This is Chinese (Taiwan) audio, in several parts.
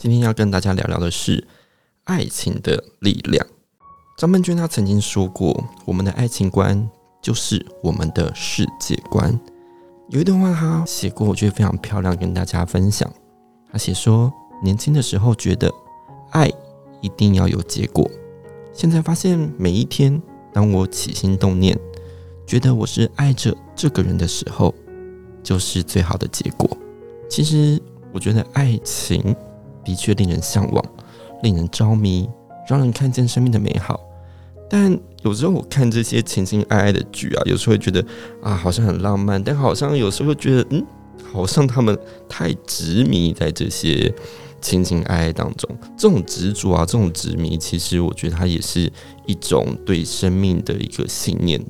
今天要跟大家聊聊的是愛情的力量。張曼娟她曾經說過：“我們的愛情觀就是我們的世界觀。”有一段話她寫過，我覺得非常漂亮，跟大家分享。她寫說：“年輕的時候覺得愛一定要有結果，現在發現每一天，當我起心動念，覺得我是愛着這個人的時候，就是最好的結果。”其實我覺得愛情的確令人嚮往，令人着迷，讓人看見生命的美好。但有時候我看這些情情愛愛的劇啊，有時候會覺得啊，好像很浪漫，但好像有時候又覺得，嗯，好像他們太執迷在這些情情愛愛當中。這種執着啊，這種執迷，其實我覺得它也是一種對生命的一個信念。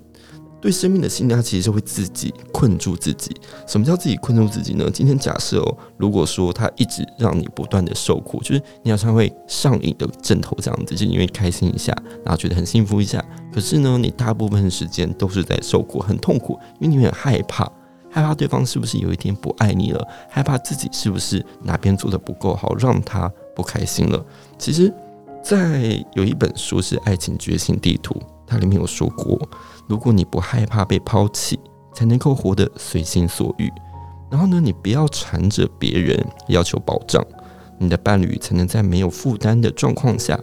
對生命的信念，他其實是會自己困住自己。什麼叫自己困住自己呢？今天假設哦，如果說他一直讓你不斷的受苦，就是你好像會上癮的枕頭這樣子，就因為開心一下，然後覺得很幸福一下。可是呢，你大部分的時間都是在受苦，很痛苦，因為你會害怕，害怕對方是不是有一天不愛你了，害怕自己是不是哪邊做得不夠好，讓他不開心了。其實，在有一本書是《愛情覺醒地圖》。它裡面有說過，如果你不害怕被拋棄，才能夠活得隨心所欲。然後呢，你不要纏着別人要求保障，你的伴侶才能在沒有負擔的狀況下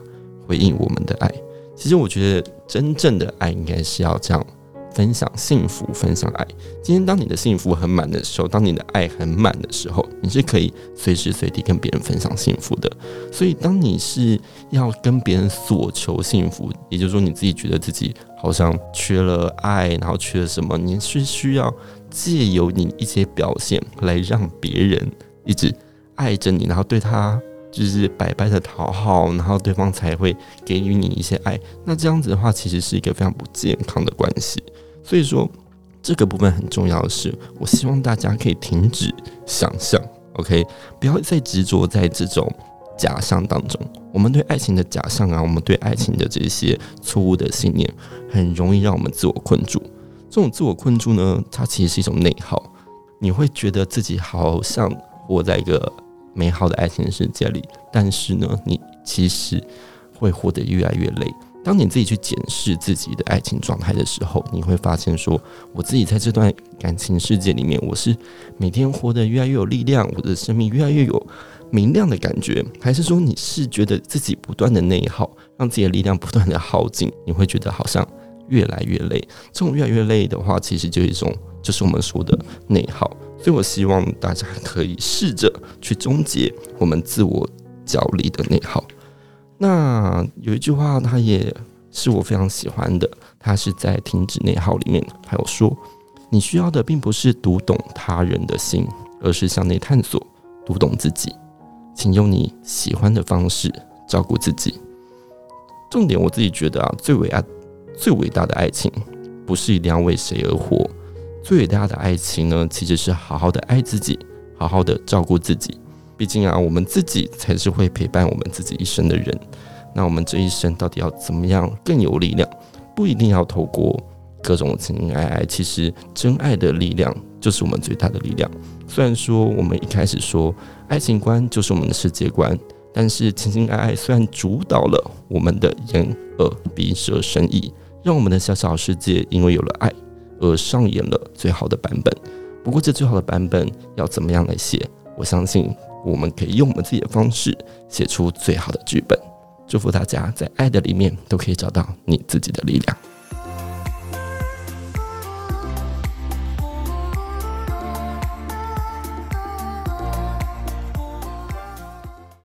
回應我們的愛。其實我覺得，真正的愛應該是要這樣。分享幸福，分享愛。今天，當你的幸福很滿的時候，當你的愛很滿的時候，你是可以隨時隨地跟別人分享幸福的。所以，當你是要跟別人索求幸福，也就是說，你自己覺得自己好像缺了愛，然後缺了什麼，你是需要借由你一些表現來讓別人一直愛着你，然後對他就是百般的討好，然後對方才會給予你一些愛。那這樣子的話，其實是一個非常不健康的關係。所以說，這個部分很重要的是，我希望大家可以停止想象，OK，不要再執着在這種假象當中。我們對愛情的假象啊，我們對愛情的這些錯誤的信念，很容易讓我們自我困住。這種自我困住呢，它其實是一種內耗。你會覺得自己好像活在一個美好的愛情世界裡，但是呢，你其實會活得越來越累。當你自己去檢視自己的愛情狀態的時候，你會發現說，我自己在這段感情世界裡面，我是每天活得越來越有力量，我的生命越來越有明亮的感覺，還是說你是覺得自己不斷的內耗，讓自己的力量不斷的耗盡，你會覺得好像越來越累。這種越來越累的話，其實就是一種就是我們說的內耗。所以我希望大家可以試着去終結我們自我焦慮的內耗。那有一句話，他也是我非常喜歡的。他是在《停止內耗》裡面還有說，你需要的並不是讀懂他人的心，而是向內探索，讀懂自己。請用你喜歡的方式照顧自己。重點，我自己覺得啊，最偉大、啊、最偉大的愛情不是一定要為誰而活，最偉大的愛情呢，其實是好好的愛自己，好好的照顧自己。畢竟啊，我們自己才是會陪伴我們自己一生的人。那我們這一生到底要怎麼樣更有力量？不一定要透過各種情情愛愛，其實真愛的力量就是我們最大的力量。雖然說我們一開始說愛情觀就是我們的世界觀，但是情情愛愛雖然主導了我們的眼耳鼻舌身意，讓我們的小小的世界因為有了愛而上演了最好的版本。不過這最好的版本要怎麼樣來寫？我相信。我們可以用我們自己的方式寫出最好的劇本。祝福大家在愛的裡面都可以找到你自己的力量。